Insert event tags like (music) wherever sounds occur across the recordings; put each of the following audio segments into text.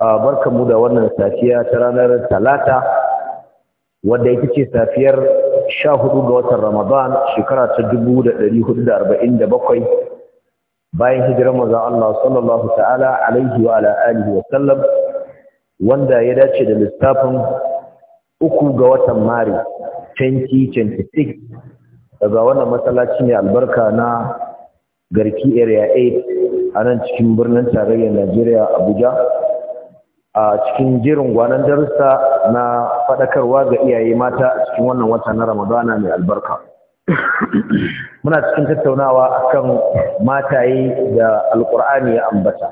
barkanmu da wannan safiya ta ranar talata wadda ita ce safiyar sha hudu ga watan ramadan shekara ta dubu da da da hudu arba'in bakwai, bayan hijirar maza Allah sallallahu ta'ala alaihi wa ala wa sallam wanda ya dace da lissafin uku ga watan mari 2026 daga wannan matsalaci ne albarka na garki area 8 a nan cikin birnin tarayyar Najeriya Abuja a cikin jirin gwanan darussa na faɗakarwa ga iyaye mata a cikin wannan wata na ramadana mai albarka (clears throat) muna cikin tattaunawa akan mataye da alkur'ani ya ambata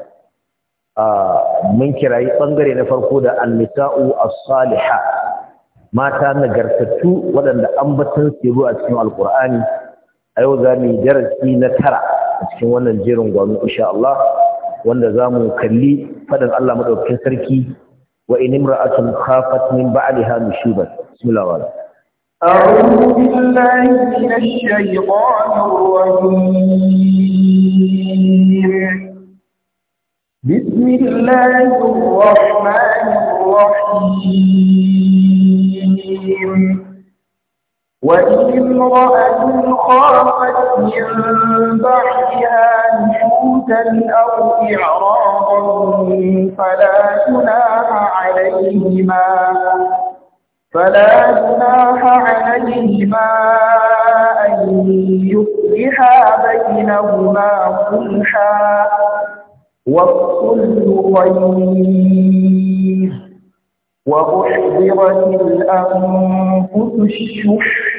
mun kirayi ɓangare na farko da annisa'u as-saliha mata nagartattu waɗanda ambatan su a cikin alkur'ani a yau za mu yi darasi na tara a cikin wannan jerin gwanu insha Allah wanda za mu kalli faɗin Allah maɗaukakin sarki wa in imra'atun khafat min ba'liha nushubat bismillah wa أعوذ بالله من الشيطان الرجيم بسم الله الرحمن الرحيم وإن امرأة خافت من بعدها نشوزا أو إعراضا فلا جناح عليهما فلا جناح عليهما أن يصلحا بينهما صلحا والصلح خير وأحضرت الأنفس الشح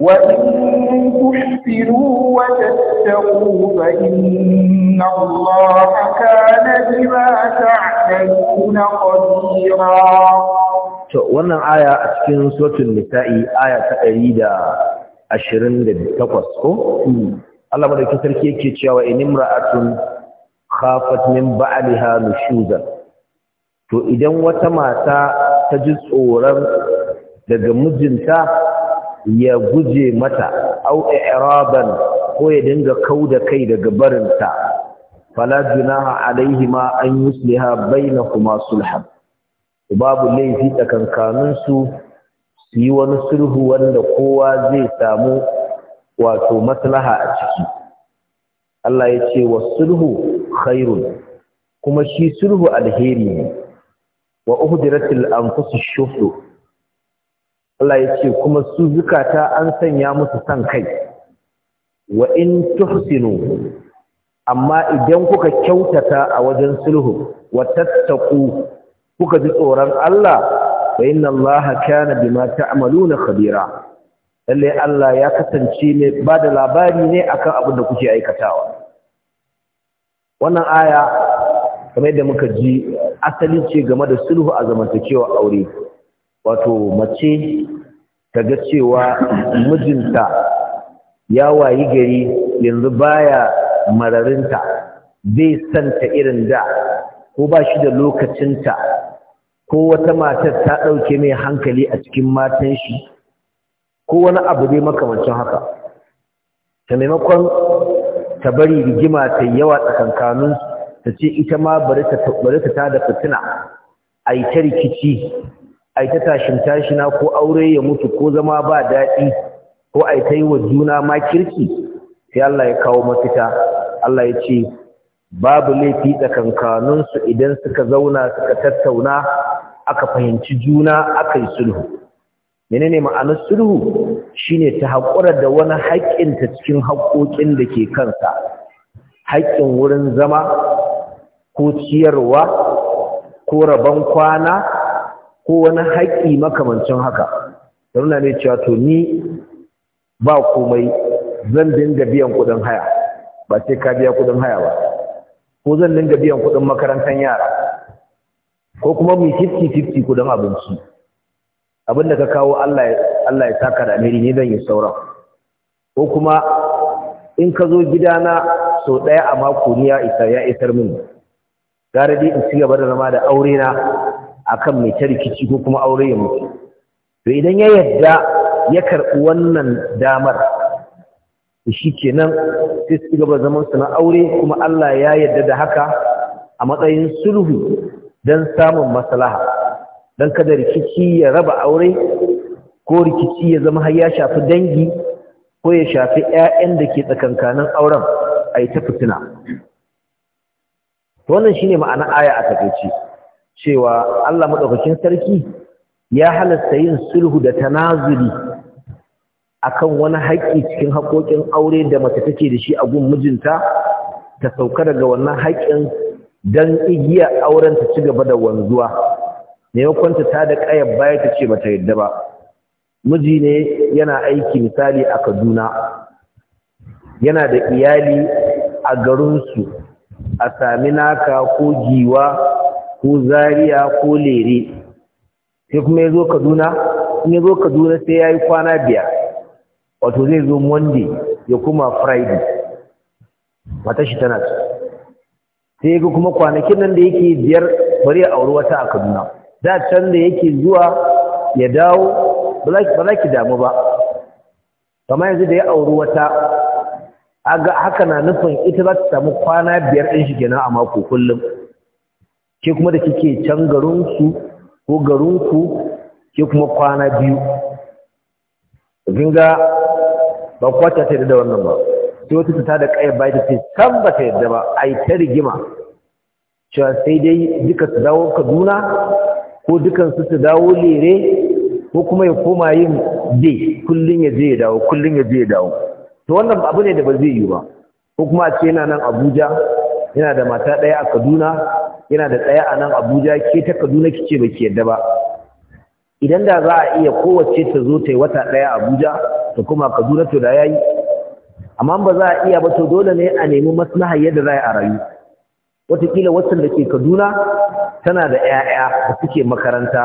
وإن تحسنوا وتتقوا فإن الله كان بما تعملون خبيرا to wannan aya a cikin suratul nisa'i aya ta 128 ko Allah madaukakin sarki yake cewa in imra'atun khafat min ba'liha nushuzan to idan wata mata ta ji tsoron daga mijinta ya guje mata au i'raban ko ya dinga kauda kai daga barinta fala junaha alaihima an yusliha bainakuma sulhan babu laifi tsakankanin su yi wani sulhu wanda kowa zai samu wato maslaha a ciki Allah ya ce wa sulhu khairun kuma shi sulhu alheri ne wa uhdiratil al-anfus Allah ya ce kuma su zukata an sanya musu san kai wa in tuhsinu amma idan kuka kyautata a wajen sulhu wa tattaku kuka ji tsoron Allah fa inna Allah kana bima ta'maluna khabira lalle Allah ya kasance ne ba da labari ne akan abin da kuke aikatawa wannan aya kamar yadda muka ji asali ce game da sulhu a zamantakewa aure wato mace ta ga cewa mijinta ya wayi gari yanzu baya mararinta zai santa irin da ko ba shi da lokacinta ko wata matar ta ɗauke mai hankali a cikin matan shi ko wani abu dai makamancin haka ta maimakon ta bari rigima ta yawa tsakankanin ta ce ita ma bari ta tada fitina a yi ta rikici a ta tashin tashina ko aure ya mutu ko zama ba daɗi ko a ta yi wa juna ma kirki sai Allah ya kawo mafita Allah ya ce babu laifi tsakankaninsu idan suka zauna suka tattauna aka fahimci juna aka yi sulhu menene ma'anar sulhu shine ta haƙura da wani haƙƙin ta cikin haƙƙoƙin da ke kansa haƙƙin wurin zama ko ciyarwa ko rabon kwana ko wani haƙƙi makamancin haka da ne cewa to ni ba komai zan dinga biyan kuɗin haya ba sai ka biya kuɗin haya ba ko zan dinga biyan kuɗin makarantar yara ko kuma mu 50-50 kuɗin abinci abinda ka kawo Allah ya saka da amiri ne zan yi sauran ko kuma in ka zo gidana sau ɗaya a mako ni ya ya isar min? gara dai in ci gaba da zama da aure na akan mai ta rikici ko kuma aure ya mutu to idan ya yadda ya karɓi wannan damar shi kenan sai su gaba zaman su na aure kuma Allah ya yarda da haka a matsayin sulhu don samun maslaha don kada rikici ya raba aure ko rikici ya zama har ya shafi dangi ko ya shafi ƴaƴan da ke tsakankanin auren a yi ta fitina wannan shine ma'ana aya a takaice cewa Allah madaukakin sarki ya halasta yin sulhu da tanazuli akan wani haƙƙi cikin haƙoƙin aure da mace take da shi a gun mijinta ta sauka daga wannan haƙƙin dan igiya auren ta ci gaba da wanzuwa kwanta ta da ƙayar baya ta ce mata yadda ba miji ne yana aiki misali a Kaduna yana da iyali a garinsu a sami naka ko giwa ko zariya ko Lere sai kuma ya zo Kaduna in ya zo Kaduna sai ya yi kwana biyar wato zai zo Monday ya kuma Friday Wata shi tana sai ga kuma kwanakin nan da yake biyar bari ya auri wata a Kaduna da can da yake zuwa ya dawo ba za ki damu ba kamar yanzu da ya auri wata aga haka na nufin ita za ta samu kwana biyar ɗin shi kenan a mako kullum ke kuma da kike can garinsu ko garinku ke kuma kwana biyu zinga ba kwata ta da wannan ba sai wata ta da kai bai ta ce san ba ta yadda ba ai ta rigima cewa sai dai duka su dawo kaduna ko dukansu su dawo lere ko kuma ya koma yin dai kullum ya je ya dawo kullum ya je ya dawo to wannan abu ne da ba zai yi ba ko kuma a ce yana nan abuja yana da mata ɗaya a kaduna yana da tsaye a nan abuja ke ta kaduna kice ba ki yadda ba idan da za a iya kowace ta zo ta yi wata ɗaya abuja ta kuma kaduna to da ya yi amma ba za a iya ba to dole ne a nemi maslaha yadda za a rayu watakila waccan da ke kaduna tana da 'ya'ya da suke makaranta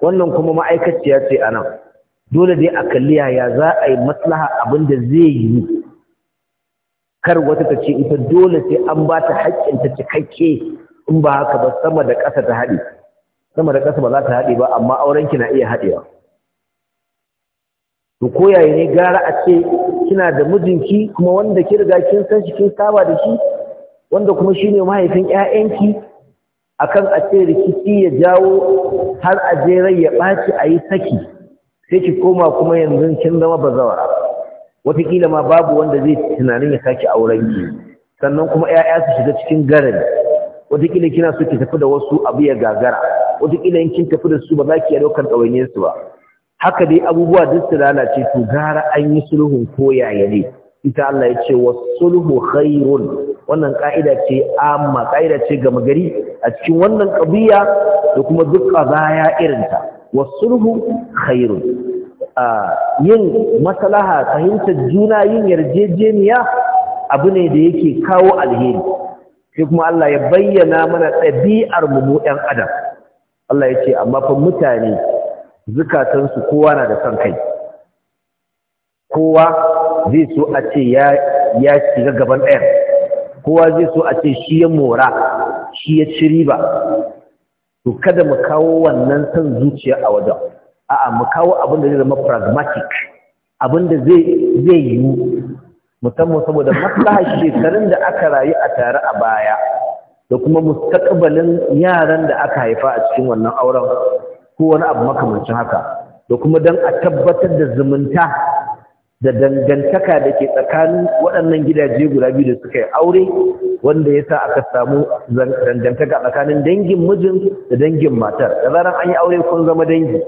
wannan kuma ma'aikaciya ce a nan dole dai a kalli yaya za a yi maslaha abin da zai yi kar wata ta ce ita dole sai an ba ta haƙƙinta cikakke in ba haka ba sama da ƙasa ta haɗe sama da ƙasa ba za ta haɗe ba amma ki na iya haɗewa to koyaye ne gara a ce kina da mijinki kuma wanda ki riga kin san shi kin saba da shi wanda kuma shine mahaifin ƴaƴanki akan a ce rikici ya jawo har a je rai ya ɓaci a yi saki sai ki koma kuma yanzu kin zama bazawara wataƙila ma babu wanda zai tunanin ya sake auren ki sannan kuma ƴaƴa su shiga cikin garin wataƙila kina so ki tafi da wasu abu ya gagara wataƙila in kin tafi da su ba za ki iya ɗaukar ɗawainiyarsu ba haka dai abubuwa duk su lalace to gara an yi sulhun ko yaya ne ita Allah ya ce wasulhu khairun wannan ka'ida ce amma ka'ida ce gama gari a cikin wannan ƙabiya da kuma duk ƙazaya irinta wasulhu khairun yin maslaha fahimtar juna yin yarjejeniya abu ne da yake kawo alheri shi kuma Allah ya bayyana mana ɗabi'ar mu 'yan adam Allah ya ce amma fa mutane zukatansu kowa na da son kai kowa zai so a ce ya shiga gaban ɗayan kowa zai so a ce shi ya mora shi ya ci riba to kada mu kawo wannan son zuciya a wajen a'a mu kawo abin da zai zama pragmatic abin da zai yiwu musamman saboda maslahar shekarun da aka rayu a tare a baya da kuma mustaqbalin yaran da aka haifa a cikin wannan auren ko wani abu makamancin haka da kuma don a tabbatar da zumunta da dangantaka da ke tsakanin waɗannan gidaje guda biyu da suka yi aure wanda ya sa aka samu dangantaka tsakanin dangin mijin da dangin matar da zarar an yi aure kun zama dangi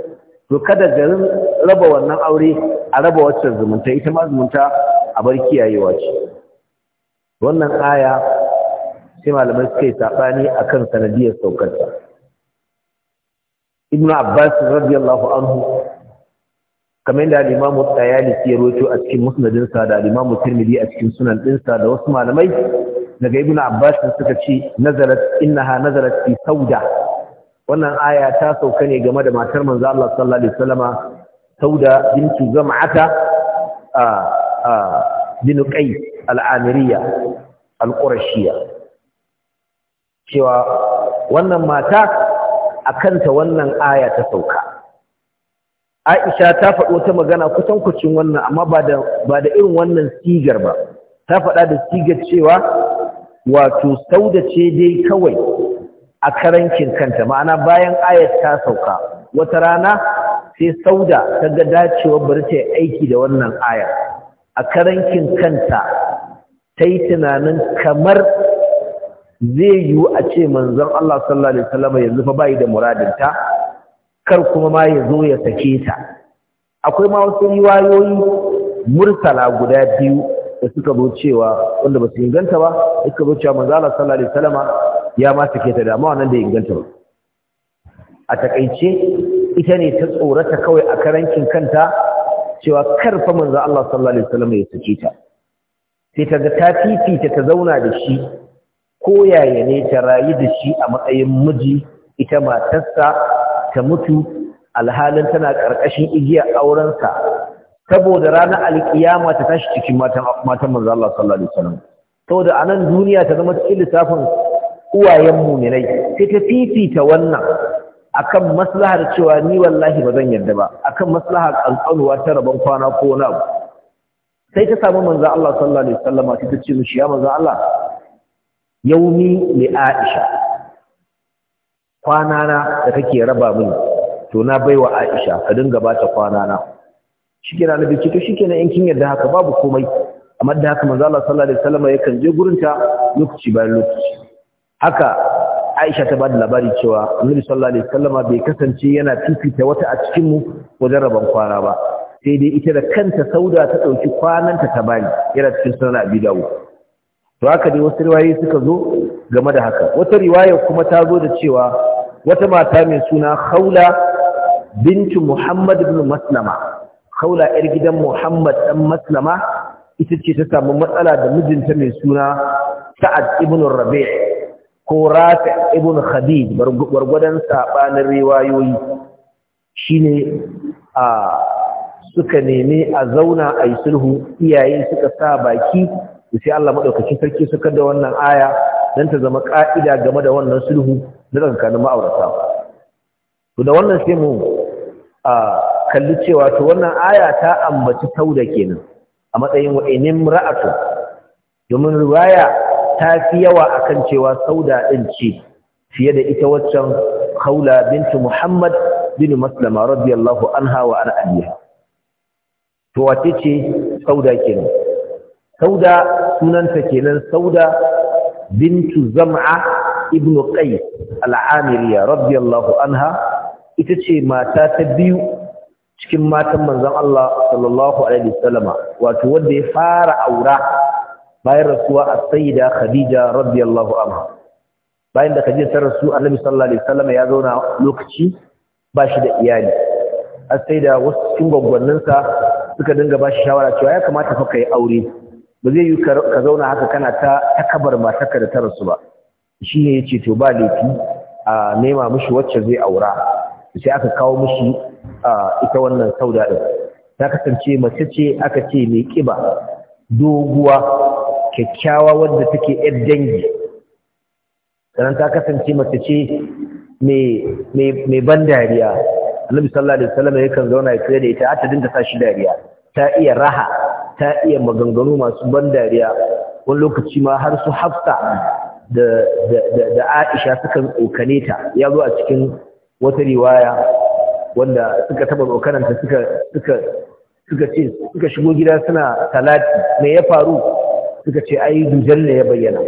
to kada garin raba wannan aure a raba wacce zumunta ita ma zumunta abar kiyayewa ce wannan aya sai malamai suka yi saɓani a kan sanadiyar saukarta ibn abbas radiyallahu anhu kamar da limamu tsayali ya roto a cikin musnadinsa da limamu tirmidhi a cikin sunan dinsa da wasu malamai daga ibn abbas suka ce nazarat innaha nazarat fi sauda wannan aya ta sauka ne game da matar manzo Allah sallallahu alaihi wasallama sauda bintu zam'ata bin al’amiriya al-amiriya cewa wannan mata a kanta wannan aya ta sauka Aisha ta faɗo ta magana kusan kucin wannan amma ba da irin wannan sigar ba ta faɗa da sigar cewa wato sauda ce dai kawai a karankin kanta ma'ana bayan ayat ta sauka wata rana sai sauda ta ga dacewa bari ta aiki da wannan ayar a karankin kanta ta yi tunanin kamar zai yiwu a ce manzan Allah sallallahu Alaihi wasallam yanzu fa bayi da muradinta kar kuma ma ya zo ya sake ta akwai ma wasu riwayoyi mursala guda biyu da suka zo cewa wanda ba su inganta ba suka zo cewa manzan Allah sallallahu alaihi Wasallam ya ma sake ta dama wannan da inganta ba a takaice ita ne ta tsorata kawai a karankin kanta cewa karfa manzo Allah sallallahu alaihi wasallam ya sake ta sai ta ga ta fifita ta zauna da shi ko yaya ne ta rayu da shi a matsayin miji ita matarsa ta mutu alhalin tana karkashin igiyar aurensa saboda ranar alkiyama ta tashi cikin matan matan manzo Allah sallallahu alaihi wasallam saboda anan duniya ta zama cikin lissafin uwayen mu'minai sai ta fifita wannan akan maslahar cewa ni wallahi ba zan yarda ba akan maslaha kankanuwa ta rabon kwana ko na. sai ta samu manzo Allah sallallahu alaihi wasallam ta ce mishi ya manzo Allah yaumi li Aisha kwana na da kake raba min to na baiwa Aisha ka dinga ba ta kwana na shikenan nabi kike to shikenan in kin yarda haka babu komai amma da haka manzo Allah sallallahu alaihi wasallam yakan je gurinta lokaci bayan lokaci haka Aisha ta ba da labari cewa Annabi sallallahu alaihi wasallama bai kasance yana fifita wata a cikin mu wajen rabon kwana ba sai dai ita da kanta sauda ta dauki kwananta ta bani yana cikin sunan Abi Dawud to haka dai wasu riwaye suka zo game da haka wata riwaya kuma ta zo da cewa wata mata mai suna Khawla bintu Muhammad ibn Maslama Khawla yar gidan Muhammad dan Maslama ita ce ta samu matsala da mijinta mai suna Sa'ad ibn Rabi' ko rafi ibn khadij gwargwadon saɓanin riwayoyi shine a suka nemi a zauna a yi sulhu iyaye suka sa baki da sai Allah maɗaukacin sarki suka da wannan aya don ta zama ƙa'ida game da wannan sulhu na tsakanin ma'aurata to da wannan sai mu a kalli cewa to wannan aya ta ambaci tauda kenan a matsayin wa'inin ra'atu domin riwaya ta fi yawa akan cewa sauda ɗin ce fiye da ita waccan haula bintu muhammad bin maslama radiyallahu anha wa an abiya to wace ce sauda kenan sauda sunanta kenan sauda bintu zam'a ibnu qais al-amiriya radiyallahu anha ita ce mata ta biyu cikin matan manzon Allah sallallahu alaihi wasallama wato wanda ya fara aura bayan rasuwa a sayyida khadija radiyallahu anha bayan da khadija ta rasu annabi sallallahu alaihi wasallam ya zauna lokaci ba shi da iyali a sayyida wasu cikin gwaggwanninsa suka dinga bashi shawara cewa ya kamata fa yi aure ba zai yi ka zauna haka kana ta takabar matarka da ta rasu ba shi ne ce to ba laifi a nema mishi wacce zai aura sai aka kawo mishi ita wannan sauda din ta kasance mace ce aka ce mai kiba doguwa kyakkyawa wadda take yar dangi sannan ta kasance mace ce mai ban dariya annabi sallallahu alaihi wasallam yakan zauna ya tsaye da ita ta dinga sa shi dariya ta iya raha ta iya maganganu masu ban dariya wani lokaci ma har su hafsa da da da, Aisha sukan tsokane ta ya zo a cikin wata riwaya wanda suka taba tsokananta suka suka suka ce suka shigo gida suna talati me ya faru suka ce ai dujal da ya bayyana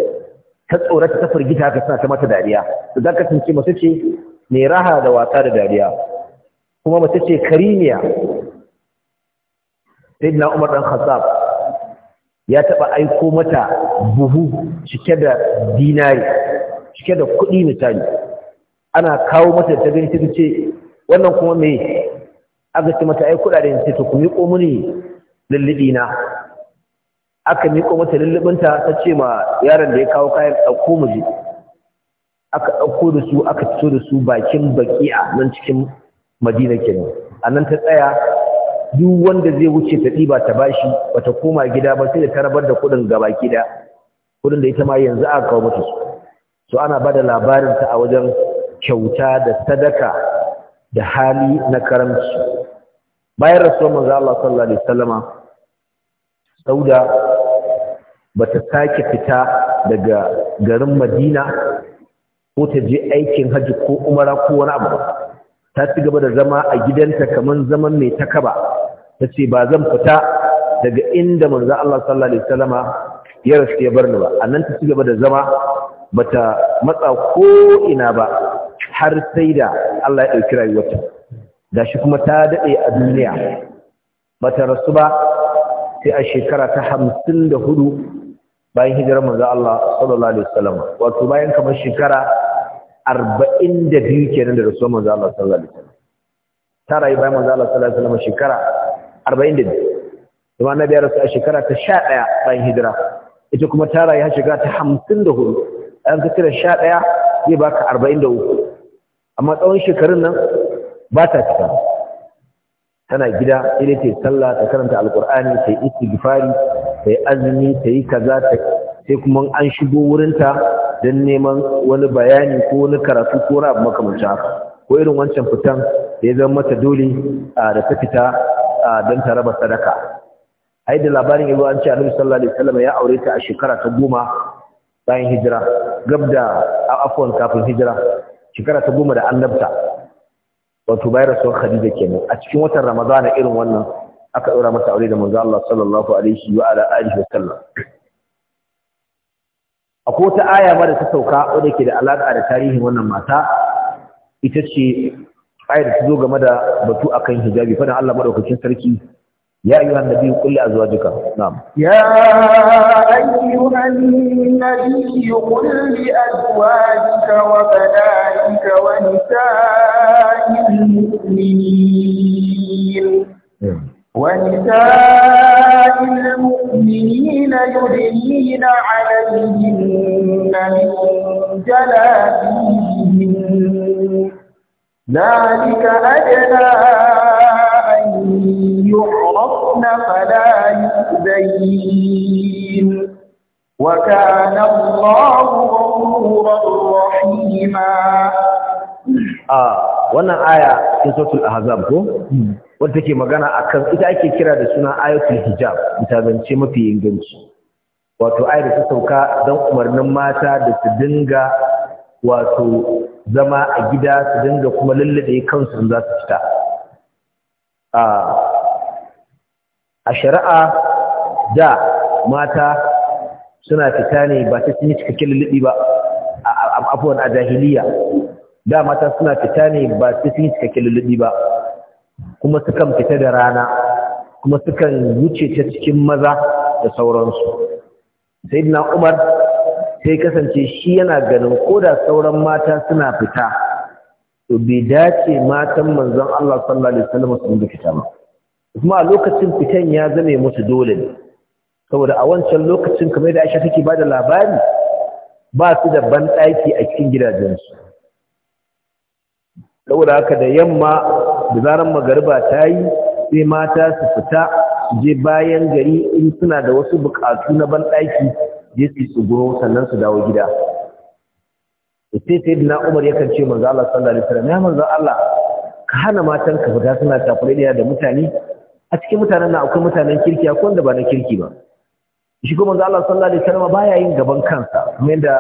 ta tsorata ta firgita ka suna ta mata dariya da za ka tunce mace ce mai raha da wasa da dariya kuma mace ce karimiya sai na umar dan khattab ya taba aiko mata buhu cike da dinari cike da kuɗi misali ana kawo mata ta gani ta ce wannan kuma me aka ce mata ai kuɗaɗen ce to ku miƙo mini lullubi na aka miko mata lullubinta ta ce ma yaron da ya kawo kayan ɗauko mu je aka ɗauko da su aka fito da su bakin a nan cikin madina kenan a nan ta tsaya duk wanda zai wuce ta ɗiba ta bashi bata koma gida ba sai da ta rabar da kuɗin gaba gida kuɗin da ita ma yanzu aka kawo mata su so ana ba da labarin ta a wajen kyauta da sadaka da hali na karamci bayan rasuwar manzo Allah sallallahu alaihi wasallama sauda bata sake fita daga garin Madina ko ta je aikin Hajji ko umara ko wani abu ba ta ci gaba da zama a gidanta kaman zaman mai takaba ta ce ba zan fita daga inda manzo Allah sallallahu alaihi wasallama ya rasu ya bar ni ba annan ta ci gaba da zama bata matsa ko ina ba har sai da Allah ya dauki rayuwarta shi kuma ta dade a duniya bata rasu ba sai a shekara ta 54 bayan hijirar manzo Allah sallallahu alaihi wasallam wato bayan kamar shekara 42 kenan da rasuwar manzo Allah sallallahu alaihi wasallam ta bayan manzo Allah sallallahu alaihi wasallam shekara 42 kuma annabi ya rasu a shekara ta 11 bayan hijira ita kuma ta rayu a shekara ta 54 an ka kira 11 zai baka 43 amma tsawon shekarun nan ba ta cika tana gida sai ce sallah ta karanta alqur'ani ta istighfari ta yi azumi ta yi kaza ta sai kuma an shigo wurinta don neman wani bayani ko wani karatu ko rabu makamancin haka ko irin wancan fitan da ya zama mata dole da ta fita don ta raba sadaka ai da labarin yabo an ce annabi sallallahu alaihi wasallam ya aure ta a shekara ta goma bayan hijira gab da afwan kafin hijira shekara ta goma da annabta wato bayan rasuwar khadija kenan a cikin watan ramadana irin wannan aka ɗora mata aure da manzo Allah sallallahu alaihi wa ala alihi wa sallam akwai wata aya ma da ta sauka wadda ke da alaƙa da tarihin wannan mata ita ce ayar ta zo game da batu akan hijabi fadan Allah madaukakin sarki ya يا أيها النبي قل لأزواجك نعم يا أيها النبي قل لأزواجك وبناتك ونساء المؤمنين ونساء المؤمنين يدنين عليهن من جلابيبهن ذلك أدنى أن يعرفن فلا يؤذين وكان الله غفورا رحيما آه وانا آية في سورة الأحزاب wadda take magana akan ita ake kira da suna ayatul hijab ita zance mafi inganci wato ayar da ta sauka don umarnin mata da su dinga wato zama a gida su dinga kuma lullube kansu za su fita a shari'a da mata suna fita ne ba ta cika cikakken lullube ba a afuwan a jahiliya da mata suna fita ne ba ta cika cikakken lullube ba kuma sukan fita da rana kuma sukan wuce ta cikin maza da sauransu sayyidina umar sai kasance shi yana ganin koda sauran mata suna fita to bai dace matan manzon Allah sallallahu alaihi wasallam su fita ba kuma a lokacin fitan ya zame musu dole saboda a wancan lokacin kamar da Aisha take bada labari ba su da banɗaki a cikin gidajensu saboda haka da yamma da zaran magariba ta yi sai mata su fita je bayan gari in suna da wasu bukatu na banɗaki je su tsuguro sannan su dawo gida sai sai na umar yakan ce manzo Allah sallallahu alaihi wasallam ya manzo Allah ka hana matan ka fita suna tafiya da mutane a cikin mutanen na akwai mutanen kirki akwai wanda ba na kirki ba shi kuma manzo Allah sallallahu alaihi wasallam baya yin gaban kansa kamar yadda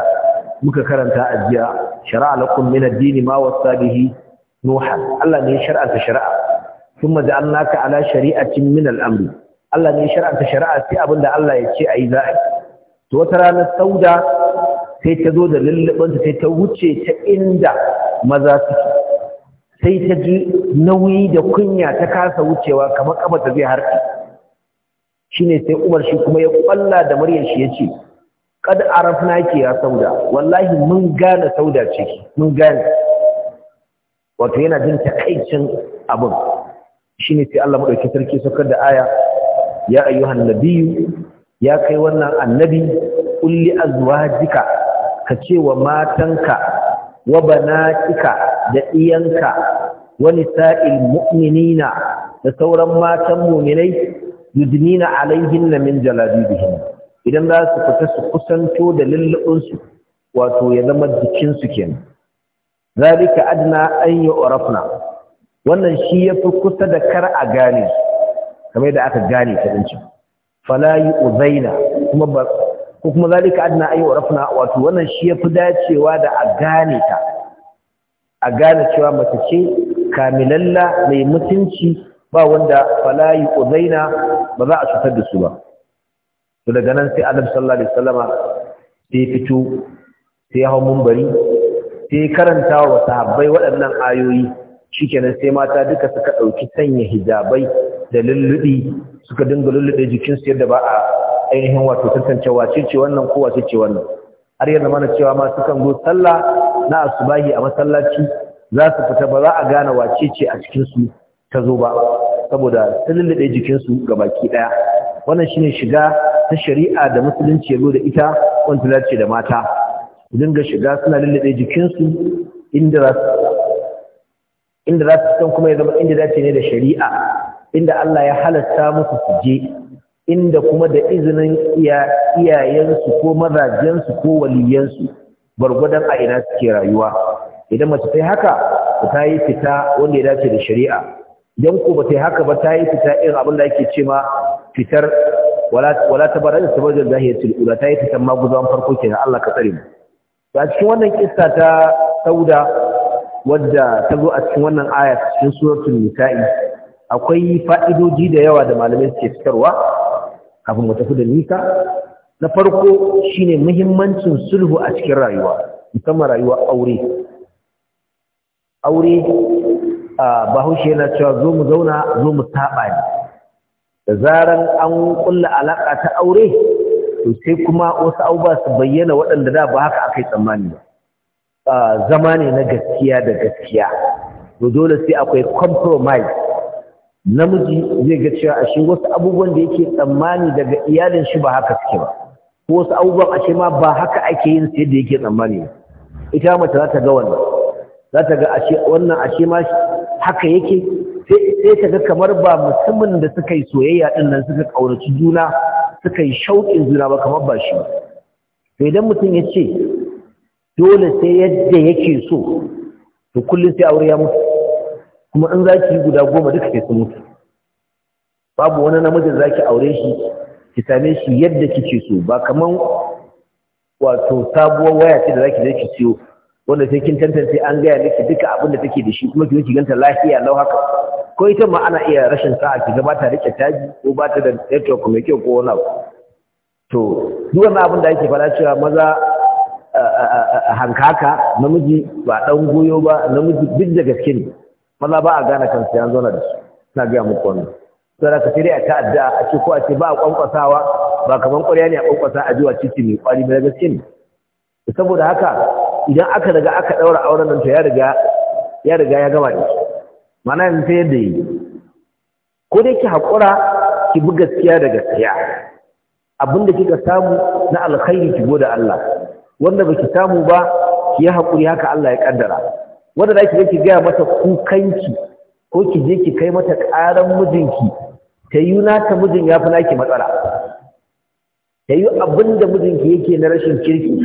muka karanta a jiya shara'a lakum min ad-din ma wasa bihi nuhan Allah ne ya shar'anta shari'a thumma ja'alnaka ala shari'atin min al-amr Allah ne ya shar'anta shari'a sai da Allah ya ce ayi za to wata rana sauda sai ta zo da lullubanta sai ta wuce ta inda maza suke sai ta ji nauyi da kunya ta kasa wucewa kamar kama ta zai Shi ne sai Umar shi kuma ya kwalla da Maryam shi yace kad arafna na ya sauda wallahi mun gane sauda ce mun gane wato yana jin takaicin abin shine sai Allah madauki sarki saukar da aya ya ayyuhan nabiyyu ya kai wannan annabi kulli azwajika ka ce wa matanka wa banatika da iyanka wa nisa'il mu'minina da sauran matan mu'minai yudnina alaihin min jalabibihin idan za su fita su kusanto da lullubinsu wato ya zama jikinsu kenan zalika adna an yu'rafna wannan shi yafi kusa da kar a gane kamar da aka gane ta dinci fala yu'zaina kuma ba ko kuma zalika adna an yu'rafna wato wannan shi yafi dacewa da a gane ta a gane cewa mace ce kamilalla mai mutunci ba wanda fala yu'zaina ba za a cutar da su ba to daga nan sai Adam sallallahu alaihi wasallama sai fito sai ya hau mumbari sai karanta wa sahabbai waɗannan ayoyi shikenan sai mata duka suka ɗauki sanya hijabai da lulluɗi suka dinga lulluɗe jikinsu yadda ba a ainihin wato tantance wace ce wannan ko wace ce wannan har yanzu mana cewa ma sukan zo sallah na asubahi a masallaci za su fita ba za a gane wace ce a cikinsu ta zo ba saboda su lulluɗe jikinsu ga baki ɗaya wannan shine shiga ta shari'a da musulunci ya zo da ita wanda ce da mata Ku dinga shiga suna lullube jikinsu inda za su inda za su san kuma ya zama inda dace ne da shari'a inda Allah ya halatta musu su je inda kuma da izinin iyayensu ko mazajensu ko waliyansu gwargwadon a ina suke rayuwa idan mace ta yi haka ta yi fita wanda ya dace da shari'a idan ko ba ta yi haka ba ta yi fita irin abin da ake ce ma fitar wala ta bara da sabar da zahiyar ula ta yi fitan maguzawan farko kenan Allah ka tsare mu a cikin wannan kissa ta sauda wadda ta zo a cikin wannan aya cikin suratul nisa'i akwai fa'idoji da yawa da malamai suke cikarwa kafin mu tafi da nisa na farko shine muhimmancin sulhu a cikin rayuwa musamman rayuwa aure aure a bahaushe yana cewa zo mu zauna zo mu taɓa ne da zaran an ƙulla alaƙa ta aure to sai kuma wasu abubuwa su bayyana waɗanda da ba haka aka yi tsammani ba zama ne na gaskiya da gaskiya to dole sai akwai compromise namiji zai ga cewa ashe wasu abubuwan da yake tsammani daga iyalin shi ba haka suke ba ko wasu abubuwan ashe ma ba haka ake yin su yadda yake tsammani ba ita mace za ta ga wannan za ta ga ashe wannan ashe ma haka yake sai ta ga kamar ba musamman da suka yi soyayya ɗin nan suka ƙaunaci juna suka yi shauƙin juna ba kamar ba shi to idan mutum ya ce dole sai yadda yake so to kullum sai aure ya mutu kuma in za ki yi guda goma duka sai sun mutu babu wani namijin za ki aure shi ki same shi yadda kike so ba kamar wato sabuwar waya ce da za ki je ki siyo wanda sai kin tantance an gaya miki duka abin da take da shi kuma ki ki ganta lafiya lau haka ko ita ma ana iya rashin sa'a ki gaba ta rike taji ko ba ta da network mai kyau ko wani abu to duk wannan abin da ake fara cewa maza hankaka namiji ba dan goyo ba namiji duk da gaske ne maza ba a gane kansu ya zauna da su ta ga muku wannan sai da kafire a ta'adda a ce ko a ce ba a kwankwasawa ba kaman ƙwarya ne a kwankwasa a jiwa ciki mai ƙwari mai gaske ne saboda haka idan aka riga aka daura auren nan to ya riga ya riga ya gama da shi mana yin sai yadda yi ko dai ki haƙura ki bi gaskiya da gaskiya abinda kika samu na alkhairi ki goda Allah wanda baki samu ba ki yi haƙuri haka Allah ya ƙaddara. wanda za ki je ki gaya mata kukanki ko ki je ki kai mata ƙaran mijinki ta yi ta mijin ya fi naki matsala ta yi abin da mijinki yake na rashin kirki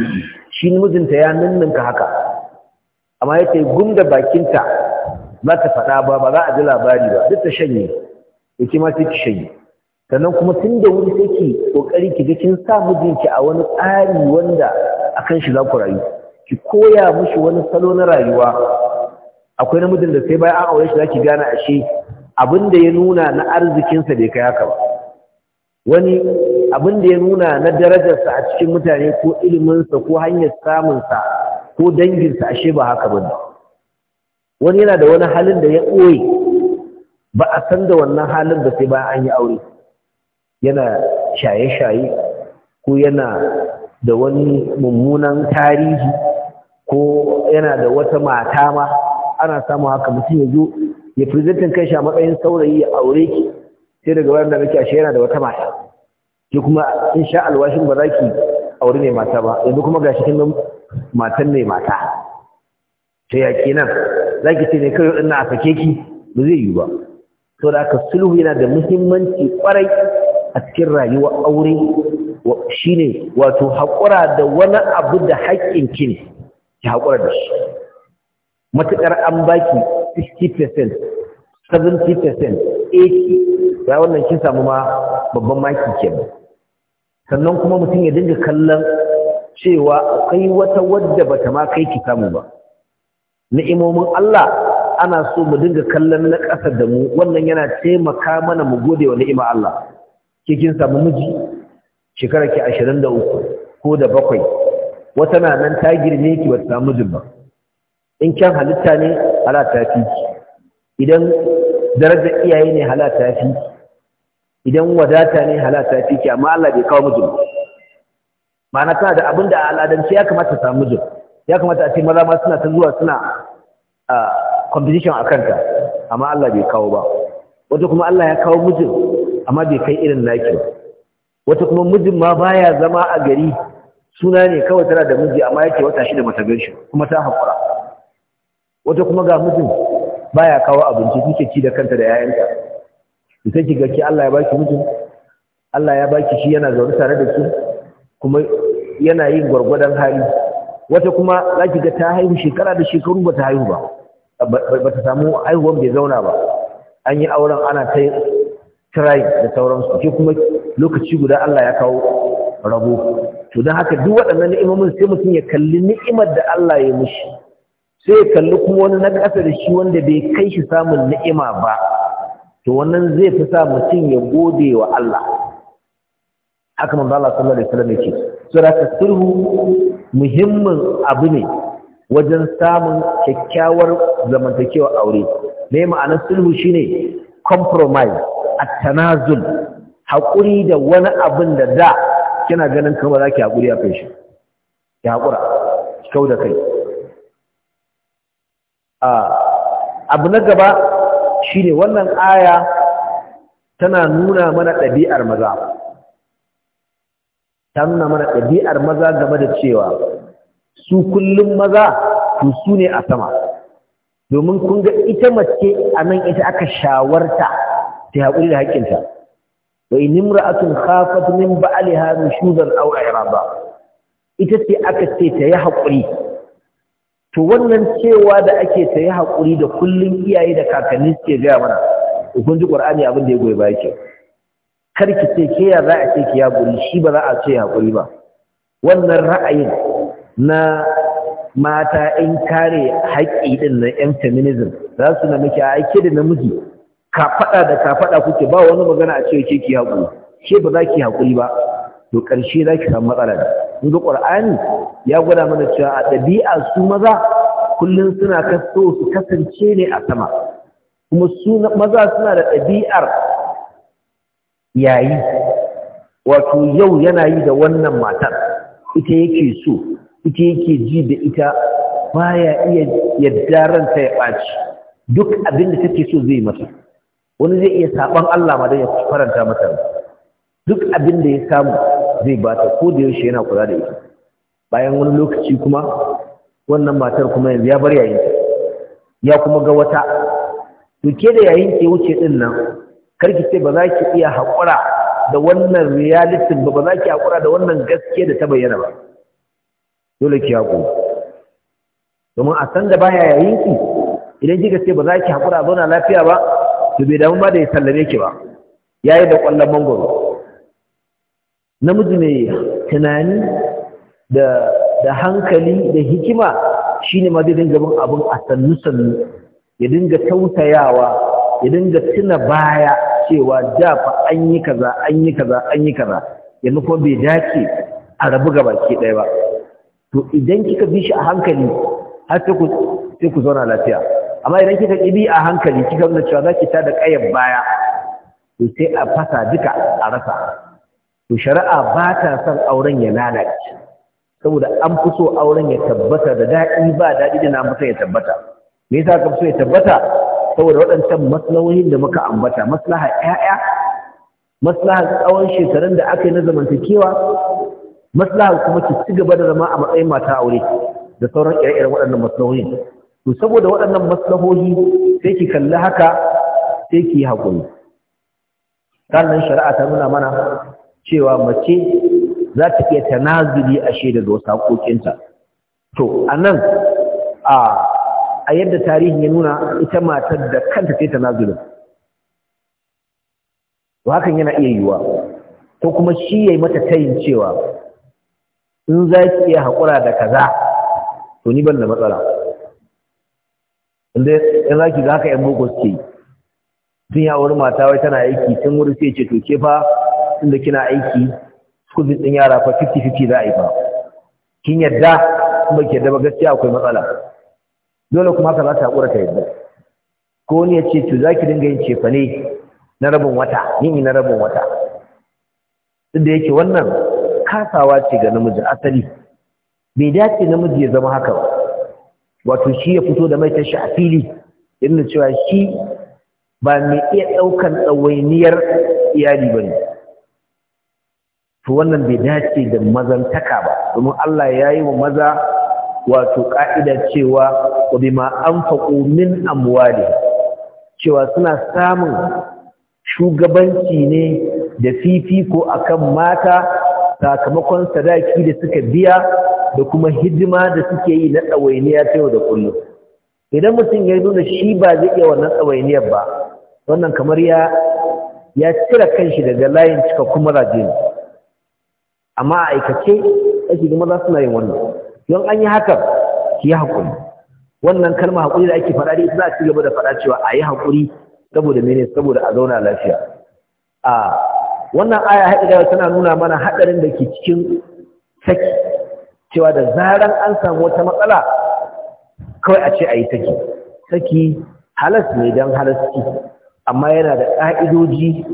shi mijinta ya ninninka haka amma ya yi gum da bakinta ba ta faɗa ba ba za a ji labari ba duk ta shanye yake ma sai ki shanye sannan kuma tun da wuri sai ki kokari ki ga kin sa mijinki a wani tsari wanda akan shi za ku rayu ki koya mishi wani salo na rayuwa akwai namijin da sai bayan an aure shi za ki gane shi abin da ya nuna na arzikinsa bai kai haka ba wani abin da ya nuna na darajarsa a cikin mutane ko iliminsa ko hanyar samunsa ko danginsa ashe ba haka ba ne wani yana da wani halin da ya ɓoye ba a san da wannan halin da sai ba an yi aure yana shaye-shaye ko yana da wani mummunan tarihi ko yana da wata mata ma ana samun haka mutum ya zo ya prezentin kai shi a matsayin saurayi ya aure ki sai daga wanda muke ashe yana da wata mata ki kuma in sha alwashin ba za ki aure mai mata ba yanzu kuma gashi kin matan mai mata Ta yaki nan. za ki ce ne kawai ɗin a sake ki ba zai yiwu ba to da aka sulhu yana da muhimmanci kwarai a cikin rayuwa aure shine wato haƙura da wani abu da haƙƙin ki ne ki haƙura da shi matuƙar an baki 60% 70% 80 ya wannan kin samu ma babban maki kenan sannan kuma mutum ya dinga kallon cewa akwai wata wadda bata ma kai ki samu ba ni'imomin Allah ana so mu dinga kallon na ƙasa da mu wannan yana taimaka mana mu gode wa ni'ima Allah ke kin samu miji shekara ki 23 ko da bakwai wata na nan ta girme ki wata samu mijin ba in kyan halitta ne halata fi idan darajar iyaye ne halata fi idan wadata ne halata fi ki amma Allah bai kawo mijin ba ma'ana tana da abin da al'adance ya kamata ta samu mijin ya kamata a ce maza ma suna ta zuwa suna competition a kanta amma Allah bai kawo ba wata kuma Allah ya kawo mijin amma bai kai irin naki wata kuma mijin ma baya zama a gari suna ne kawai tana da miji amma yake wata da mata shi kuma ta hakura wata kuma ga mijin baya kawo abinci kike ci da kanta da yayanta sai ki ga ki Allah ya baki mijin Allah ya baki shi yana zaune tare da ki kuma yana yin gwargwadon hali wata kuma za ki ga ta haihu shekara da shekaru ba ta haihu ba ba ta samu haihuwar bai zauna ba an yi auren ana ta yi da sauransu ke kuma lokaci guda Allah ya kawo rabo to don haka duk waɗannan ni'imomin sai mutum ya kalli ni'imar da Allah ya mishi sai ya kalli kuma wani na ƙasa da shi wanda bai kai shi samun ni'ima ba to wannan zai fi sa mutum ya gode wa Allah haka manzo Allah sallallahu alaihi wasallam yake suraka sulhu muhimmin abu ne wajen samun kyakkyawar zamantakewa aure Mai ma'ana sulhu shine compromise at-tanazul haƙuri da wani abin da da kina ganin kamar za ki haƙuri a kai shi ki haƙura kau da kai abu na gaba shine wannan aya tana nuna mana ɗabi'ar maza ta nuna mana ɗabi'ar maza game da cewa su kullum maza to su ne a sama domin kun ga ita mace a nan ita aka shawarta ta haƙuri da haƙƙinta wa in imra'atun khafat min ba'liha nushuzan aw iraba ita ce aka ce ta yi haƙuri to wannan cewa da ake ta yi haƙuri da kullum iyaye da kakanni suke gaya mana kun ji Qur'ani abin da ya goyi baya kenan karki ce ke ya za a ce ki haƙuri shi ba za a ce haƙuri ba wannan ra'ayin na mata in kare haƙƙi ɗin na yan feminism za su na miki a ke da namiji kafaɗa da kafaɗa kuke ba wani magana a ce ke ki haƙuri ke ba za ki haƙuri ba to ƙarshe za ki samu matsala ne in ga ƙur'ani ya gwada mana cewa a ɗabi'a su maza kullum suna kaso su kasance ne a sama kuma su maza suna da ɗabi'ar yayi wato yau yana yi da wannan matar ita yake so ita yake ji da ita baya iya yadda ranta ya ɓaci duk abin da take so zai masa, wani zai iya saɓan Allah ma ya faranta masa duk abin da ya samu zai bata ko da yaushe yana kula da ita bayan wani lokaci kuma wannan matar kuma yanzu ya bar yayin ya kuma ga wata to ke da yayin ke wuce din nan karki ce ba za ki iya haƙura da wannan realitin ba ba za ki haƙura da wannan gaske da ta bayyana ba dole ki haƙo domin a san da baya yayin ki idan kika ce ba za ki haƙura zauna lafiya ba to bai damu ba da ya sallame ki ba yayi da ƙwallon mangoro namiji mai tunani da da hankali da hikima shine ma zai dinga bin abin a sannu sannu ya dinga tausayawa ya dinga tuna baya cewa da fa an yi kaza an yi kaza an yi kaza yanzu kuma bai dace a rabu ga baki ɗaya ba to idan kika bi shi a hankali har sai ku sai ku zauna lafiya amma idan kika bi a hankali kika nuna cewa za ki ta da ƙayan baya to sai a fasa duka a rasa to shari'a ba ta son auren ya lalace saboda an fi so auren ya tabbata da daɗi ba daɗi da na mutum ya tabbata me yasa ka fi so ya tabbata saboda waɗancan maslahohin da muka ambata maslaha ƴaƴa maslaha tsawon shekarun da aka yi na zamantakewa maslaha kuma ki ci gaba da zama a matsayin mata aure da sauran ire waɗannan maslahohin to saboda waɗannan maslahohi sai ki kalli haka sai ki yi haƙuri sannan shari'a ta nuna mana cewa mace za ta iya tanazuli ashe daga wasu haƙoƙinta to a a a yadda tarihi ya nuna ita matar da kanta ta tanazulin to hakan yana iya yiwuwa ko kuma shi ya yi mata tayin cewa in za ki iya haƙura da kaza to ni ban da matsala inda in za ki ga haka yan boko suke tun ya wuri mata wai tana aiki tun wuri sai ce to ke fa tunda kina aiki school din yara fa 50-50 za a yi fa kin yadda ba ki yadda ba gaskiya akwai matsala dole kuma haka za ta haƙura ta yadda ko wani ya ce to za ki dinga yin cefane na rabin wata yin na rabin wata duk da yake wannan kasawa ce ga namiji asali bai dace namiji ya zama haka ba wato shi ya fito da mai tashi a fili inda cewa shi ba mai iya ɗaukan ɗawainiyar iyali ba ne to wannan bai dace da mazantaka ba domin Allah ya yi wa maza wato ka'ida cewa wa bima anfaqu min amwali cewa suna samun shugabanci ne da fifiko akan mata sakamakon sadaki da suka biya da kuma hidima da suke yi na tsawainiya ta yau da kullum idan mutum ya nuna shi ba zai iya wannan tsawainiyar ba wannan kamar ya ya cire kanshi daga layin cika kuma rajin amma a aikace ake gama maza suna yin wannan don an yi haka ki yi haƙuri wannan kalma haƙuri da ake faɗa da ita za a ci gaba da faɗa cewa a yi haƙuri saboda mene saboda a zauna lafiya a wannan aya haɗewa tana nuna mana haɗarin da ke cikin saki cewa da zaran an samu wata matsala kawai a ce a yi saki saki halas ne don halasci amma yana da ƙa'idoji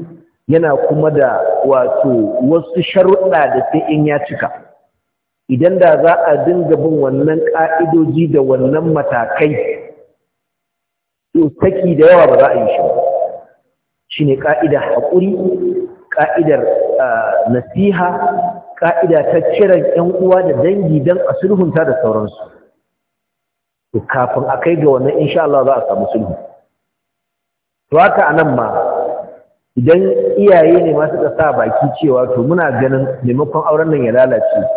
yana kuma da wato wasu sharuɗa da sai in ya cika idan da za a dinga bin wannan ƙa'idoji da wannan matakai to saki da yawa ba za a yi shi ba shi ne ƙa'idar haƙuri ƙa'idar nasiha ƙa'ida ta kiran ‘yan uwa da dangi don a sulhunta da sauransu to kafin a kai ga wannan insha Allah za a samu sulhu to haka a nan ma idan iyaye ne masu ƙasa baki cewa to muna ganin maimakon auren nan ya lalace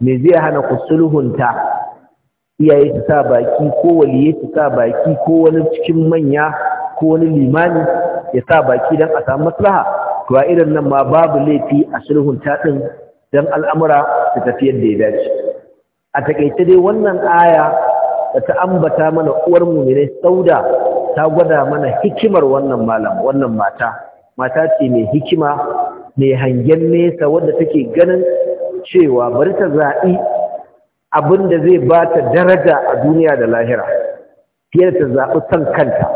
me zai hana ku sulhunta iyaye su sa baki ko waliye su sa baki ko wani cikin manya ko wani limani ya sa baki don a samu maslaha to a irin nan ma babu laifi a sulhunta din don al'amura su tafi yadda ya dace a takaice dai wannan aya da ta ambata mana uwar mu ne sauda ta gwada mana hikimar wannan malam wannan mata mata ce mai hikima mai hangen nesa wadda take ganin cewa bari ta zaɓi abin da zai ba ta daraja a duniya da lahira fiye da ta zaɓi son kanta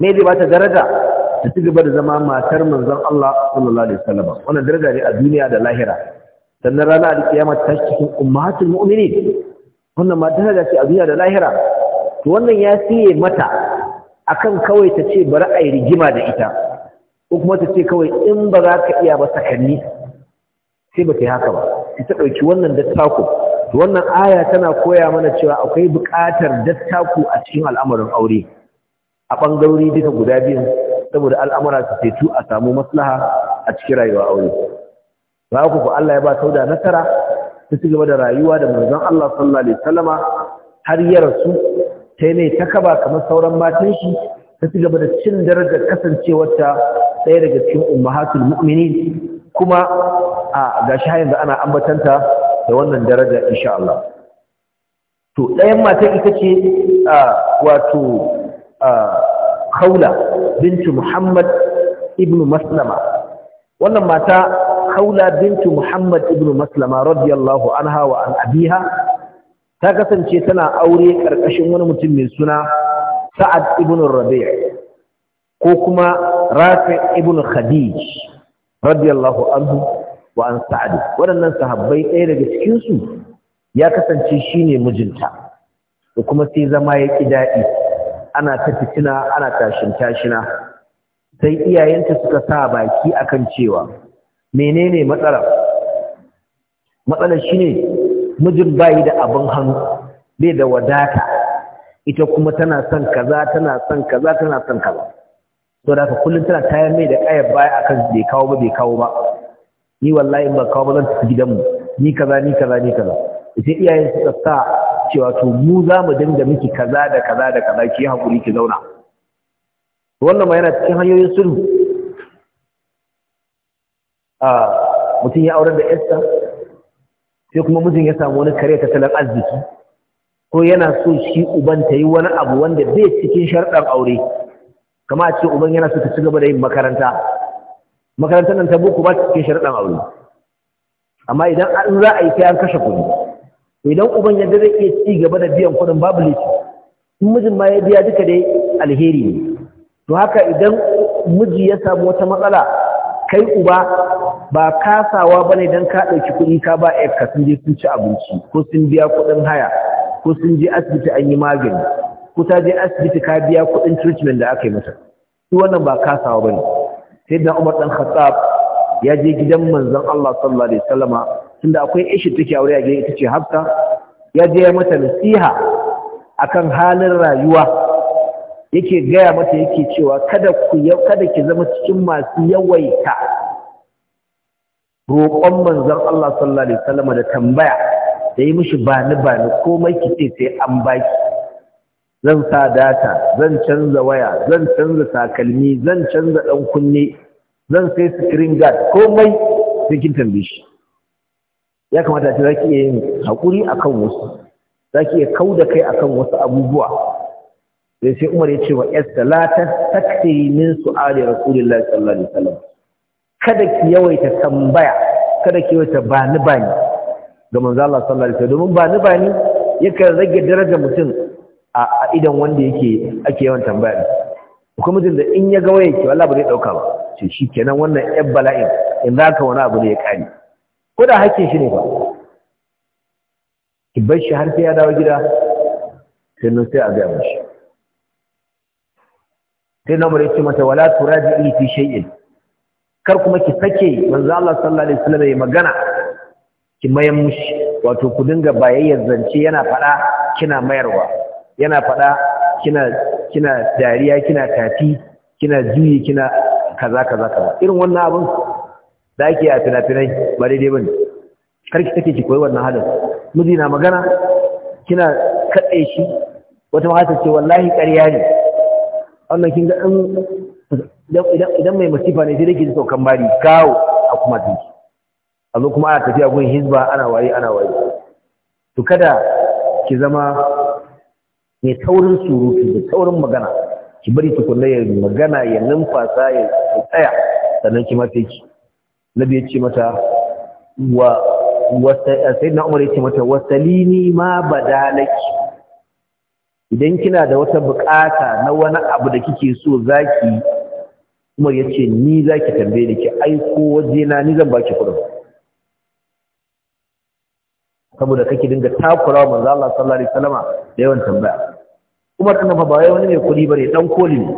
me zai ba ta daraja ta ci gaba da zama matar manzon Allah sallallahu alaihi wasallam wannan daraja ne a duniya da lahira sannan rana da kiyama ta tashi cikin ummatul mu'minin wannan ma daraja ce a duniya da lahira to wannan ya siye mata akan kawai ta ce bari a yi rigima da ita ko kuma ta ce kawai in ba za ka iya ba sakanni sai ba ta yi haka ba ita ɗauki wannan dattako wannan aya tana koya mana cewa akwai buƙatar dattako a cikin al'amarin aure a ɓangarori duka guda biyun saboda al'amura su tetu a samu maslaha a cikin rayuwa aure ba ku ku Allah ya ba sauda nasara ta ci gaba da rayuwa da manzon Allah sallallahu alaihi wasallama har ya rasu ta ne ta kaba kamar sauran matan shi ta ci gaba da cin darajar kasancewarta ɗaya daga cikin ummahatul mu'minin kuma a gashi har da ana ambatanta da wannan daraja insha Allah to ɗayan matan ita ce wato Khawla bintu Muhammad ibn Maslama wannan mata Khawla bintu Muhammad ibn Maslama radiyallahu anha wa an abiha ta kasance tana aure karkashin wani mutum mai suna Sa'ad ibn Rabi' ko kuma Rafi' ibn Khadij radiyallahu anhu wa an sa'ad waɗannan sahabbai ɗaya daga cikin su ya kasance shine mijinta da kuma sai zama ya ki daɗi ana ta fitina ana tashin tashina sai iyayenta suka sa baki akan cewa menene matsala matsalar shine mijin bayi da abin hannu bai da wadata ita kuma tana son kaza tana son kaza tana son kaza don haka kullum tana tayar mai da ƙayar baya akan bai kawo ba bai kawo ba ni wallahi in ba kawo ba zan tafi gidanmu ni kaza ni kaza ni kaza ita iyayen suka sa cewa to mu za mu dinga miki kaza da kaza da kaza ki hakuri ki zauna wannan ma yana cikin hanyoyin sulhu a mutum ya aurar da esther sai kuma mijin ya samu wani kare tattalin arziki ko yana so shi uban ta yi wani abu wanda bai cikin sharɗan aure kama a ce uban yana so ta ci gaba da yin makaranta makarantar nan ta buku ba ta cikin sharaɗin aure amma idan an za a yi kayan kashe kuɗi idan uban ya zai iya ci gaba da biyan kuɗin babu laifi in mijin ma ya biya duka dai alheri ne to haka idan miji ya samu wata matsala kai uba ba kasawa ba ne don ka ɗauki kuɗi ka ba ka sun je sun ci abinci ko sun biya kuɗin haya ko sun je asibiti an yi magani ko ta je asibiti ka biya kudin treatment da aka yi masa? shi wannan ba kasawa bane sai da Umar dan Khattab ya je gidan manzon Allah sallallahu alaihi wasallama tunda akwai ishi take aure a gidan ita ce Hafsa ya je ya mata nasiha akan halin rayuwa yake gaya mata yake cewa kada ku kada ki zama cikin masu yawaita roƙon manzon Allah sallallahu alaihi wasallama da tambaya da yi mishi bani bani komai ki ce sai an baki zan sa data zan canza waya zan canza takalmi zan canza dan kunne zan sai screen guard komai sai kin tambaye shi ya kamata ki zaki iya yin hakuri akan wasu zaki iya kauda kai akan wasu abubuwa sai sai Umar ya ce wa yasta la tastakthiri min su'ali rasulullahi sallallahu alaihi wasallam kada ki yawaita tambaya kada ki yawaita bani bani ga manzo Allah sallallahu alaihi wasallam domin bani bani yakan rage darajar mutum a idan wanda yake ake yawan tambaya kuma mutum da in ya ga waye ke wallahi ba zai dauka ba ce shi kenan wannan yan bala'in in zaka ka wani abu ne ya kare ko da hakkin shi ne ba ki bar shi har sai ya dawo gida sai nan sai a ga mishi sai na mure ce mata wala turaji turaji'i fi shay'in kar kuma ki sake manzo Allah sallallahu alaihi wasallam ya magana ki mayan mushi wato ku dinga bayayyar zance yana fada kina mayarwa yana faɗa kina kina dariya kina tafi kina juyi kina kaza kaza kaza irin wannan abin da ake a fina-finai ba daidai bane karki take ki koyi wannan halin miji na magana kina katse shi wata mata ce wallahi ƙarya ne wannan kin ga idan idan mai masifa ne sai dake saukan bari kawo a kuma dinki a zo kuma ana tafiya gun hizba ana waye ana waye to kada ki zama mai taurin surutu da taurin magana ki bari tukunna ya magana ya numfasa ya tsaya sannan ki mata ki nabi ya ce mata wa sayyidina umar ya ce mata wasalini ma badalaki idan kina da wata bukata na wani abu da kike so zaki kuma ya ce ni zaki tambaye da ki aiko waje na ni zan baki kudin saboda kake dinga takurawa manzo Allah sallallahu alaihi wasallama da yawan tambaya umar na fa ba wani mai kuɗi ba ne ɗan koli ne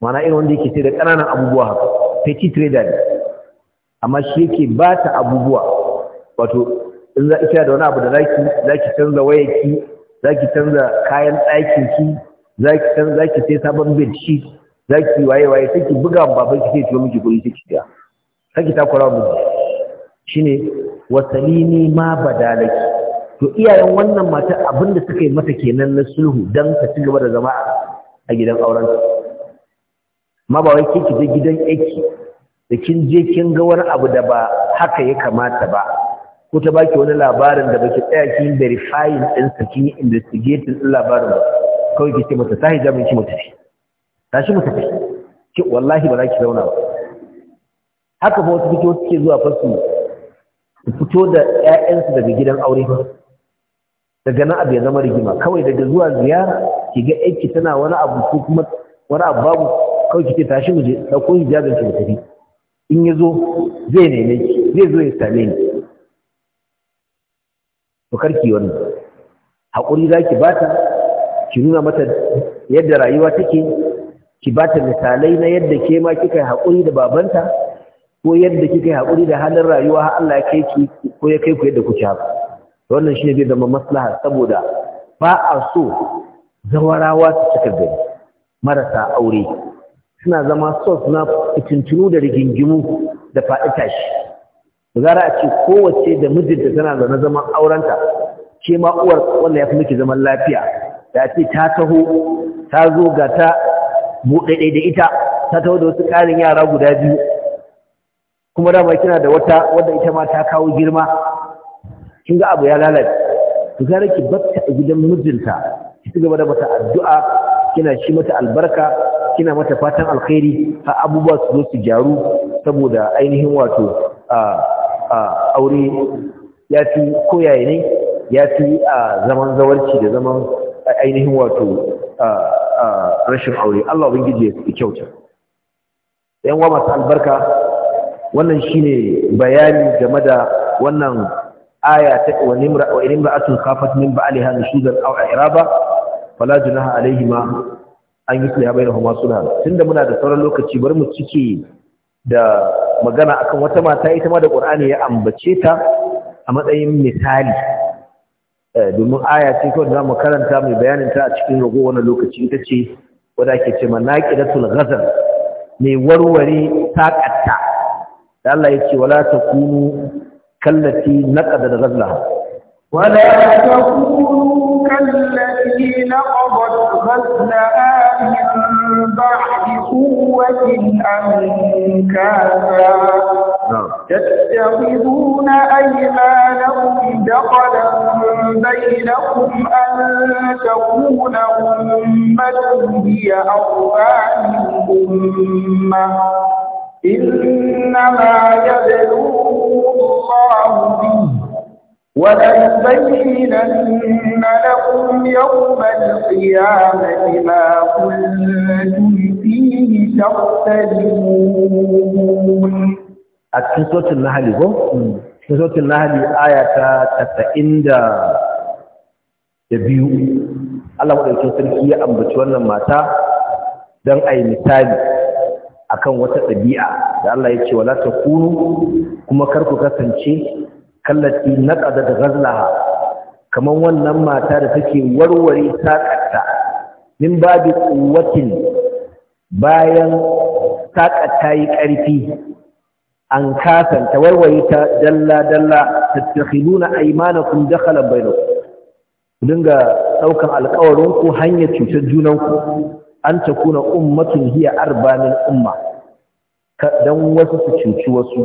mana irin wanda yake sai da ƙananan abubuwa haka petit trader ne amma shi yake ba ta abubuwa wato in za kira da wani abu da zaki zaki canza za zaki canza kayan ɗakin ki zaki canza zaki sai sabon bed sheet zaki waye waye sai ki buga baban ki sai ki miki kuɗi sai ki biya sai ki takura mu shine wasalini ma badalaki to iyayen wannan mata da suka yi mata kenan na sulhu don ka ci gaba da zama a gidan auren ma ba wai kike je gidan aiki da kin je kin ga wani abu da ba haka ya kamata ba ko ta baki wani labarin da baki tsaya kin verifying din sa kin investigating din labarin ba kawai ki ce mata sai jami'in ki mutafi tashi mutafi ki wallahi ba za ki zauna ba haka ba wata kike zuwa fasu su fito da ƴaƴansu daga gidan aure ba daga nan abu ya zama rigima kawai daga zuwa ziyara ki ga aiki tana wani abu ko kuma wani abu babu kawai kike tashi mu je dauko hijabin ki tafi in ya zo zai neme ki zai zo ya same ni to karki wannan hakuri zaki bata ki nuna mata yadda rayuwa take ki bata misalai na yadda ke ma kika yi hakuri da babanta ko yadda kika yi hakuri da halin rayuwa har Allah ya kai ki ko ya kai ku yadda kuke haka wannan shi ne zai zama maslaha saboda ba a so zawarawa su cika gari marasa aure suna zama sos na fitintunu da rigingimu da faɗi tashi da zara a ce kowace da mijinta tana zana zaman aurenta ke ma uwar wanda ya fi miki zaman lafiya da ce ta taho ta zo ga ta buɗaɗe da ita ta taho da wasu ƙarin yara guda biyu kuma dama kina da wata wadda ita ma ta kawo girma kin ga abu ya lalace ki gara ki batta a gidan mijinta ki ci gaba da mata addu'a kina shi mata albarka kina mata fatan alkhairi a abubuwa su zo su gyaru saboda ainihin wato aure ya fi koyaye ne ya fi zaman zawarci da zaman ainihin wato rashin aure Allah ubangiji ya fi kyauta yan wa masu albarka wannan shine bayani game da wannan aya ta wa nimra wa imra'atun khafat min ba'liha nushuzan aw i'raba fala junaha alaihima an yusliha bainahuma sulhan tunda muna da sauran lokaci bari mu cike da magana akan wata mata ita ma da Qur'ani ya ambace ta a matsayin misali eh, domin aya ce kawai da mu karanta mai bayanin ta a cikin rago wannan lokaci ita ce wanda ake ce manaqidatul ghazal mai warware takatta da Allah ya ce wala takunu كالتي نقضت غزلها ولا تكونوا كالتي نقضت غزلها من بعد قوة أنكاثا تتخذون نعم. أيمانهم دخلا بينكم أن تكون أمة هي أربع أمة إنما يبلوه الله به وليبينن لكم يوم القيامة ما كنتم فيه تختلفون أتكن سورة النحل هو cikin sautin hmm. lahadi aya ta tasa'in da biyu Allah maɗaukin sarki ya ambaci wannan mata don a yi misali akan wata ɗabi'a da Allah ya ce wala takunu kuma kar ku kasance kallati naqadat ghazlaha kaman wannan mata da take warware sakarta min babi quwwatin bayan sakarta yi ƙarfi an ta warware ta dalla dalla tattakhiduna aymanakum dakhala bainakum ku dinga daukan alƙawarin ku hanyar cutar junan ku an takuna ummatun hiya arbanin umma Don wasu su cinci wasu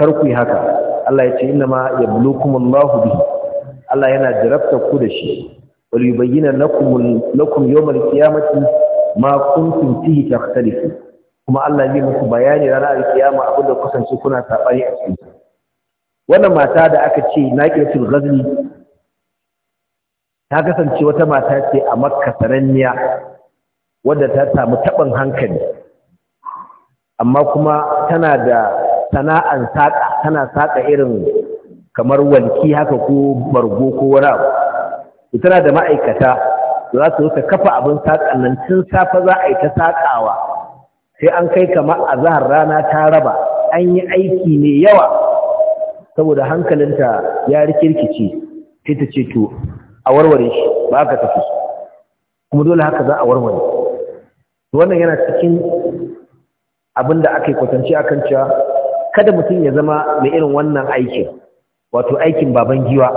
kar ku yi haka Allah ya ce inna ma yablukumullahu bihi Allah yana jarabta ku da shi wal yubayyana lakum lakum yawmal qiyamati ma kuntum fihi takhtalifu kuma Allah zai muku bayani ranar alkiyama abinda kusance kuna sabani a cikin wannan mata da aka ce naqilatul ghazli ta kasance wata mata ce a makka sananniya wadda ta samu taɓin hankali amma kuma tana da sana'an saƙa tana saƙa irin kamar walki haka ko bargo ko wani abu tana da ma'aikata za su ta kafa abin saƙan nan tun safe za a yi ta saƙawa sai an kai kamar a zahar rana ta raba an yi aiki mai yawa saboda hankalinta ya rikirkice sai ta ce to a warware shi ba ka tafi kuma dole haka za a warware wannan yana cikin abin da aka yi kwatance kan cewa kada mutum ya zama mai irin wannan aikin wato aikin baban giwa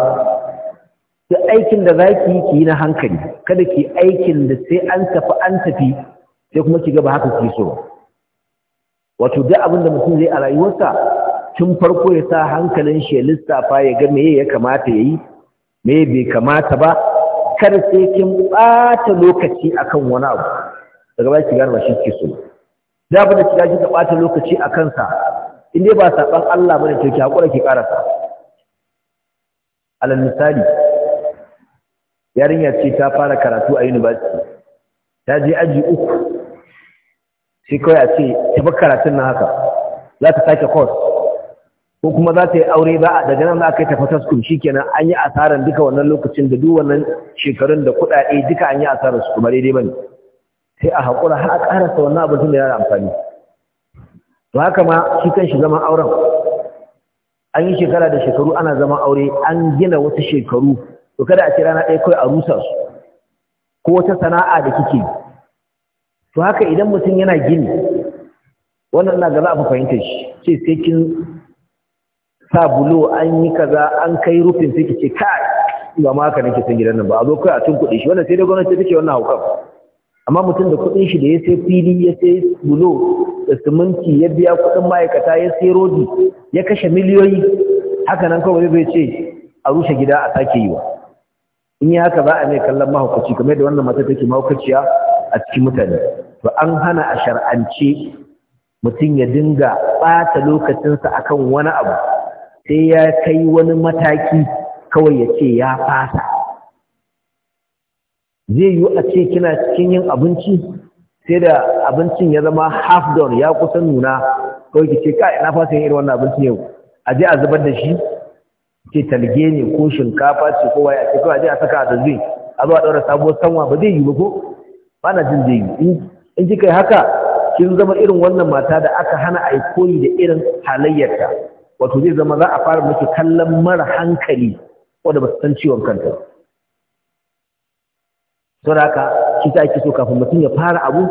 duk aikin da za ki yi na hankali kada ki aikin da sai an tafi an tafi sai kuma ki gaba haka ki so wato duk abin da mutum zai a rayuwarsa tun farko ya sa hankalin shi ya lissafa ya ga meye ya kamata ya yi meye bai kamata ba kada sai kin ɓata lokaci akan wani abu daga baya ki gane ba shi ke so da ba da kiga kika bata lokaci a kansa in dai ba saban Allah bane to ki hakura ki karasa alal misali yarinya ce ta fara karatu a university ta je aji uku sai kawai a ce ta bar karatun nan haka za ta sake course ko kuma za ta yi aure ba daga nan za a kai ta fatar school shikenan an yi asaran duka wannan lokacin da duk wannan shekarun da kuɗaɗe duka an yi asarar su kuma daidai bane sai a haƙura har a ƙarasa wannan abin da ya amfani to haka ma shi kan shi zaman auren an yi shekara da shekaru ana zaman aure an gina wasu shekaru to kada a ce rana ɗaya kawai a rusa su ko wata sana'a da kike to haka idan mutum yana gini wannan na ga za a fahimta shi ce sai kin sa bulo an yi kaza an kai rufin sai ki ce kai ba ma haka nake san gidan nan ba a zo kai a tun kuɗi shi wannan sai dai gwamnati take wannan haukan amma mutum da kuɗin shi da ya sai fili ya sai bulo da siminti ya biya kuɗin ma'aikata ya sai rodi ya kashe miliyoyi haka nan kawai bai ce a rushe gida a sake yi wa in yi haka za a mai kallon mahaukaci kamar da wannan mata take mahaukaciya a cikin mutane to an hana a shar'ance mutum ya dinga ɓata lokacinsa akan wani abu sai ya kai wani mataki kawai ya ce ya fasa zai yi a ce kina cikin yin abinci sai da abincin ya zama half down ya kusan nuna kawai ki ce ka ina fasa yin irin wannan abinci yau a je a zubar da shi ke talge ne ko shinkafa ce ko waya ce kawai a je a saka a dazbin a zuwa a ɗaura sabuwar sanwa ba zai yi ba ko ba na jin zai yi in kika yi haka kin zama irin wannan mata da aka hana a yi koyi da irin halayyarta wato zai zama za a fara miki kallon mara hankali wanda ba su san ciwon kanta ba saboda haka shi ta ake so kafin mutum ya fara abu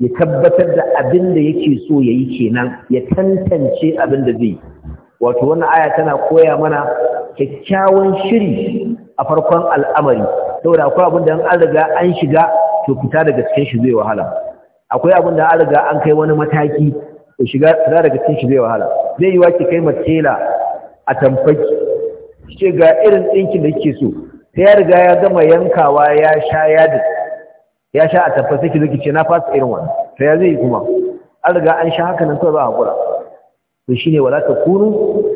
ya tabbatar da abin da yake so ya yi kenan ya tantance abin da zai wato wannan aya tana koya mana kyakkyawan shiri a farkon al'amari saboda akwai abin da an riga an shiga to fita daga cikin shi zai wahala akwai abin da an riga an kai wani mataki to shiga fita daga cikin shi zai wahala zai yi wa ki kai matela a tamfaki ce ga irin ɗinkin da kike so sai ya riga ya gama yankawa ya sha yadi ya sha a tafi sai zuki ce na fasa irin wani sai ya zai kuma an riga an sha haka nan kawai ba hakura to shine wala takunu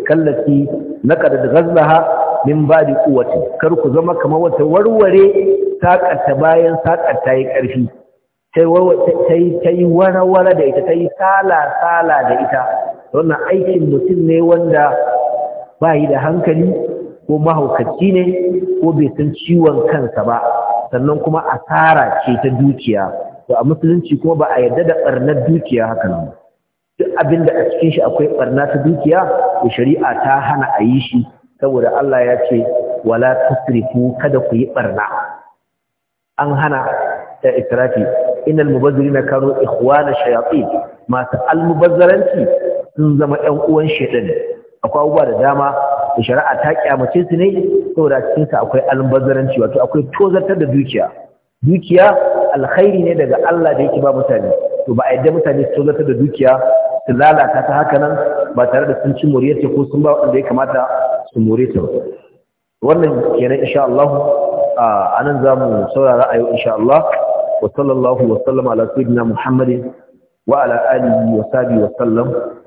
kallati da ghazlaha min ba'di quwwati kar ku zama kamar wata warware sakata bayan sakata yi karfi Ta yi tai da ita ta yi sala sala da ita wannan aikin mutum ne wanda ba yi da hankali ko mahaukaci ne ko bai san ciwon kansa ba sannan kuma asara ce ta dukiya to a musulunci kuma ba a yarda da barnar dukiya haka nan duk abin da a cikin shi akwai barna ta dukiya to shari'a ta hana a yi shi saboda Allah ya ce wala tusrifu kada ku yi barna an hana ta israfi innal mubazzirina kanu ikhwana shayatin masu almubazzaranci sun zama ƴan uwan shaitan akwai abubuwa da dama shari'a ta kyamace su ne saboda cikin sa akwai albazaranci wato akwai tozartar da dukiya dukiya alkhairi ne daga Allah da yake ba mutane to ba a yadda mutane su tozartar da dukiya su lalata ta haka nan ba tare da sun ci moriyarta ko sun ba wanda ya kamata su more ta ba wannan kenan insha Allah a zamu saurara ayo insha Allah wa sallallahu wa sallama ala sayyidina Muhammadin wa ala alihi wa sahbihi wa sallam